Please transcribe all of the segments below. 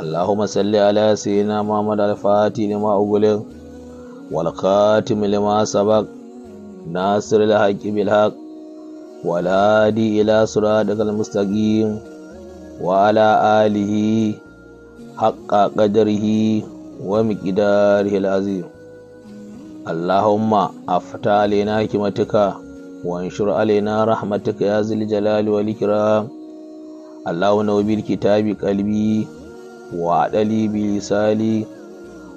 اللهم صل على سيدنا محمد الفاتح لما أغلق والخاتم لما سبق ناصر الحق بالحق والهادي إلى صراطك المستقيم وعلى آله حق قدره ومقداره العظيم اللهم أفتح علينا حكمتك وانشر علينا رحمتك يا ذي الجلال والإكرام اللهم نوبل كتاب قلبي وأعدلي بلساني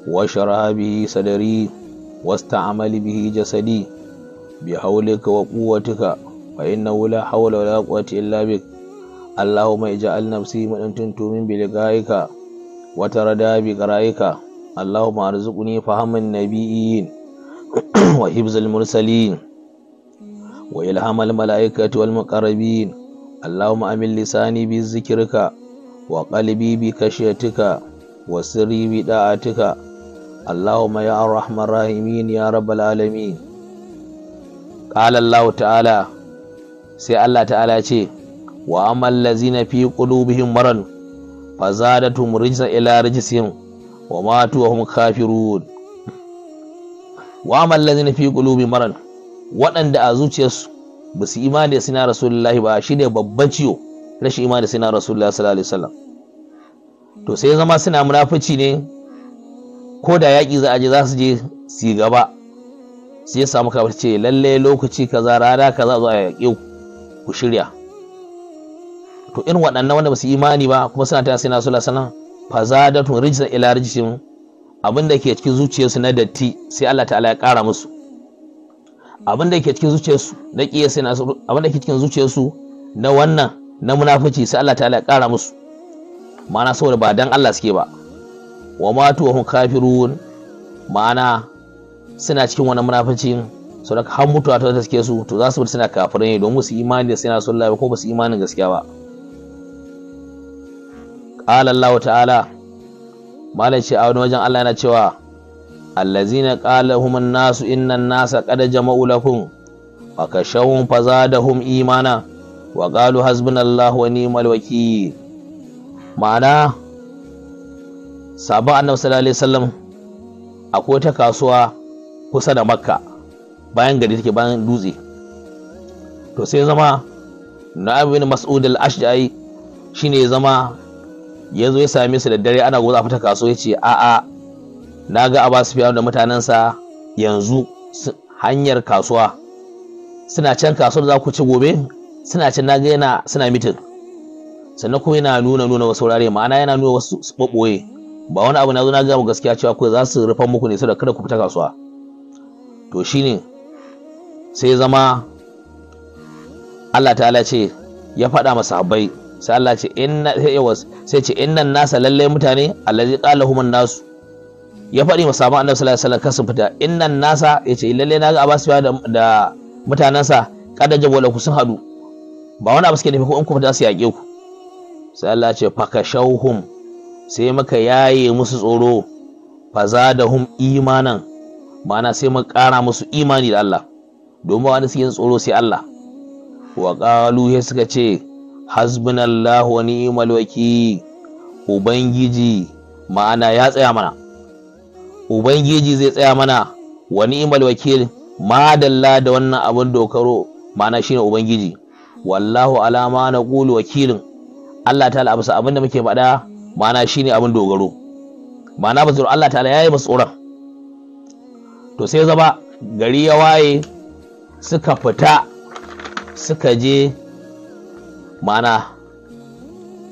واشرح به صدري واستعمل به جسدي بحولك وقوتك فإنه لا حول ولا قوة إلا بك اللهم اجعل نفسي مدنتن تؤمن بلقائك وتردى بقرائك اللهم ارزقني فهم النبيين وحفظ المرسلين وإلهام الملائكة والمقربين اللهم أمن لساني بذكرك wa ƙalibi bi tuka wa sirri bi tuka Allahumma ya arhamar rahimin ya rabbal alami qala Allah ta'ala sai Allah ta'ala ce wa amal lazina fi qulubihim marad fazadatum rijsan ila rijsihim wa matu wa hum kafirun wa amal lazina fi qulubihim marad waɗanda a zuciyarsu ba su imani da sunan rasulullahi ba shi ne babban ciwo rashin imani sai na rasulullah sallallahu alaihi wasallam to sai zama suna munafici ne ko da yaƙi za a je za su je su gaba sai ya samu kafin ce lalle lokaci kaza rana kaza zuwa yaƙe ku shirya to irin waɗannan wanda ba su imani ba kuma suna tana sai na sallallahu alaihi wasallam fazadatun rijsa ila rijsin abin da ke cikin zuciyarsu na datti sai Allah ta'ala ya ƙara musu abin da ke cikin zuciyarsu na ƙiyasa abin da ke cikin zuciyarsu na wannan na munafici sai Allah ta'ala ya kara musu ma'ana saboda ba dan Allah suke ba wa matu hum kafirun ma'ana suna cikin wannan munaficin sau da har mutuwa ta suke su to za su bar suna kafirai ne domin su imani da suna sun ko ba su imanin gaskiya ba qala Allah ta'ala malam shi a wani wajen Allah yana cewa allazina qala hum an-nasu inna an-nasa qad jama'u lakum fa kashawun fazadahum imana wa ƙalu hasbunallahu wa ni'mal wakil ma'ana sabon annabi sallallahu alaihi wasallam akwai ta kasuwa kusa da makka bayan gari take bayan dutse to sai zama na bin mas'ud al-ashja'i shine ya zama ya zo ya same su da dare ana goza fita kasuwa ya ce a'a na ga abu da mutanensa yanzu hanyar kasuwa suna can kasuwar za ku ci gobe suna can naga yana suna mitin sannan kuma yana nuna nuna wasu wurare ma'ana yana nuna wasu ɓoɓɓoye ba wani abu na zo na ga mu gaskiya cewa kuwa za su rufa muku ne saboda kada ku fita kasuwa to shine sai zama Allah ta'ala ce ya faɗa masa habbai sai Allah ce inna sai ce innan nasa lalle mutane allazi qala humun nasu ya faɗi ma sahabban annabi sallallahu alaihi wasallam kasu fita innan nasa yace lalle na ga abasu da mutanansa kada jabo ku sun hadu ba wani abu suke nufi ko in kuma za su yaƙe ku sai Allah ce shauhum sai muka yaye musu tsoro faza da hum imanan ma'ana sai mu ƙara musu imani da Allah domin wani suke tsoro sai Allah wa ƙalu suka ce hasbunallahu wa ni'mal ubangiji ma'ana ya tsaya mana ubangiji zai tsaya mana wa ni'mal wakil madalla da wannan abin dokaro ma'ana shine ubangiji wallahu alama na ƙulu wakilin Allah ta'ala abu abinda muke faɗa mana shine abin dogaro mana ba Allah ya yi masu tsoron to sai zama gari ya waye suka fita suka je mana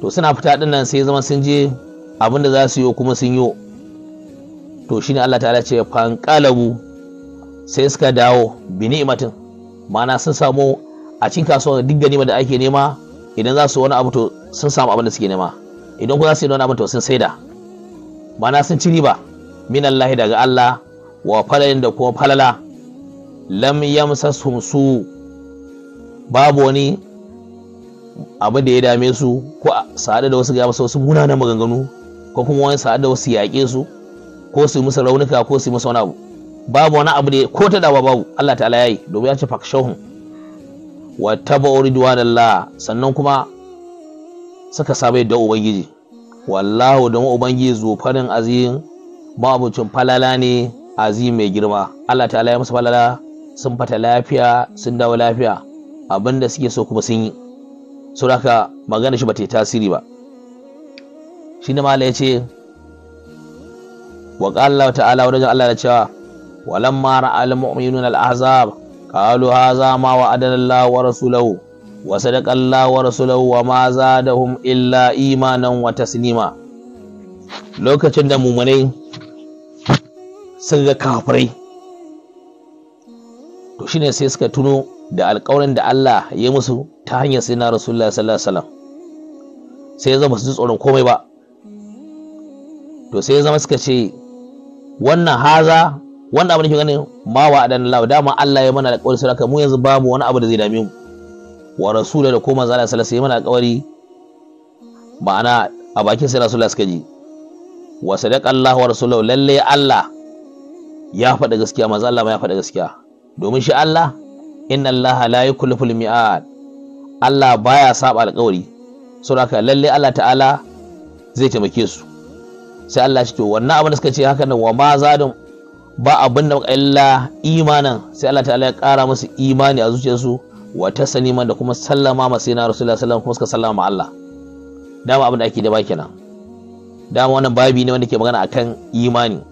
to suna fita ɗinnan nan sai zama sun je abinda za su yi kuma sun yi to shine Allah ta'ala ce fankalabu sai suka dawo bini ni'matin mana sun samu a cikin da duk ganima da ake nema idan za su wani abu to sun samu abin da suke nema idan ku za su yi wani abu to sun saida mana sun ci riba min Allah daga Allah wa falalin da kuma falala lam yamsasum su babu wani abu da ya dame su ko sa'ada da wasu ga masa wasu munanan maganganu ko kuma wani sa'ada da wasu yaƙe su ko su musu raunuka ko su musu wani abu babu wani abu da ko ta dawa babu Allah ta'ala yayi domin ya ce fakshahum wa taba'u ridwanallah sannan kuma suka saba da ubangiji wallahu da ubangiji zufarin azim mabucin falala ne azim mai girma Allah Ta'ala ya musu falala sun fata lafiya sun dawo lafiya abinda suke so kuma sun yi suraka magana shi ba ta yi tasiri ba shi ne mala ya ce wa Allah ta'ala wajen Allah da cewa walamma ra'al mu'minuna al-ahzab قالوا هذا ما وعدنا الله ورسوله وصدق الله ورسوله وما زادهم إلا إيمانا وتسليما lokacin da mumunai sun ga kafirai to shine sai suka tuno da alƙawarin da Allah ya musu ta hanyar sai na Rasulullah sallallahu alaihi wasallam sai ya zama ji tsoron komai ba to sai zama suka ce wannan haza wannan abin da ke gani ma wa adan Allah dama Allah ya mana da kawari saraka mu yanzu babu wani abu da zai dame mu wa rasula da kuma zala sallallahu alaihi mana kawari ma'ana a bakin sai rasula suka ji wa sadaka Allah wa rasulahu lalle Allah ya faɗa gaskiya manzo Allah ma ya faɗa gaskiya domin shi Allah inna Allah la yukallifu al-mi'ad Allah baya saba alƙawari saboda lalle Allah ta'ala zai taimake su sai Allah shi to wannan abin da suka ce haka nan wa ma zadum ba abin da illa imanin sai Allah ta'ala ya kara musu imani a zuciyarsu wa ta saniman da kuma sallama ma sai na rasulullah sallallahu kuma suka sallama ma Allah dama abin da ake da ba kenan dama wannan babi ne wanda ke magana akan imani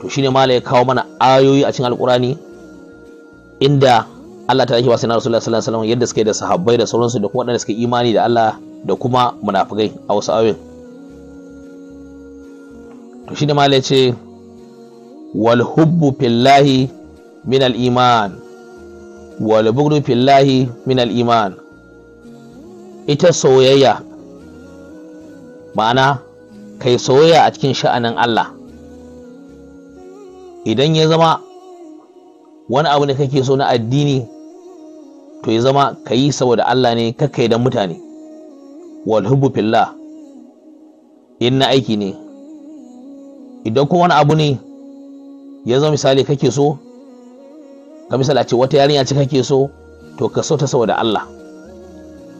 to shine mala ya kawo mana ayoyi a cikin Alqurani inda Allah ta yake ba sai na rasulullah sallallahu alaihi wasallam yadda suke da sahabbai da sauransu da kuma waɗanda suke imani da Allah da kuma munafikai a wasu ayoyin to shine mala ya ce wal fillahi min al iman fillahi min al iman ita soyayya ma'ana kai soyayya a cikin sha'anin Allah idan ya zama wani abu da kake so na addini to ya zama ka yi saboda Allah ne kakka don mutane wal hubbu fillah in na aiki ne idan kuma wani abu ne ya zama misali kake so ka misali a ce wata yarinya ce kake so to ka so ta saboda Allah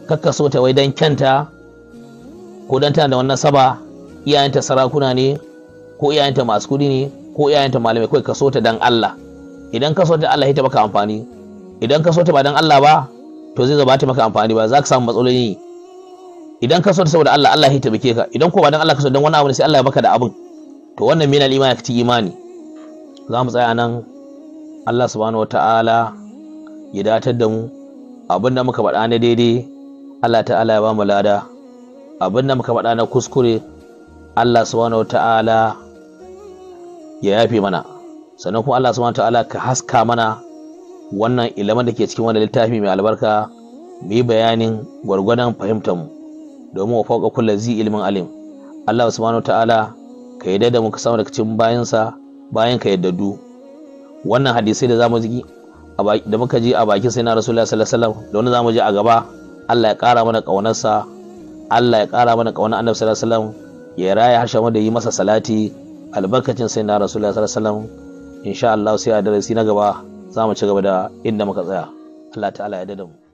kakka so ta wai dan kyanta ko dan tana da wannan saba iyayenta sarakuna ne ko iyayenta masu kudi ne ko iyayenta malamai kai ka so ta dan Allah idan ka so ta Allah ita maka amfani idan ka so ta ba dan Allah ba to zai zaba ta maka amfani ba za ka samu matsaloli idan ka so ta saboda Allah Allah ya taimake ka idan ko ba dan Allah ka so dan wani abu ne sai Allah ya baka da abin to wannan min al-imani ka ci imani za mu tsaya nan Allah subhanahu wata'ala ya datar da mu abin da muka faɗa na daidai Allah ta'ala ya ba mu lada abin da muka faɗa na kuskure Allah subhanahu wata'ala ya yafe mana sannan kuma Allah subhanahu wata'ala ka haska mana wannan ilimin da ke cikin wannan littafi mai albarka mu bayanin gwargwadon fahimtar mu domin wa fauka kullu zi ilimin alim Allah subhanahu wata'ala ka yi da mu ka samu daga cikin bayansa bayan ka yaddadu wannan hadisai da zamu ji da muka ji a bakin sai na rasulullah sallallahu alaihi wasallam da wani zamu ji a gaba Allah ya ƙara mana ƙaunarsa Allah ya ƙara mana ƙaunar annabi sallallahu alaihi wasallam ya raya mu da yi masa salati albarkacin sai na rasulullah sallallahu alaihi wasallam insha Allah sai a darasi na gaba za mu ci gaba da inda muka tsaya Allah ta'ala ya dada mu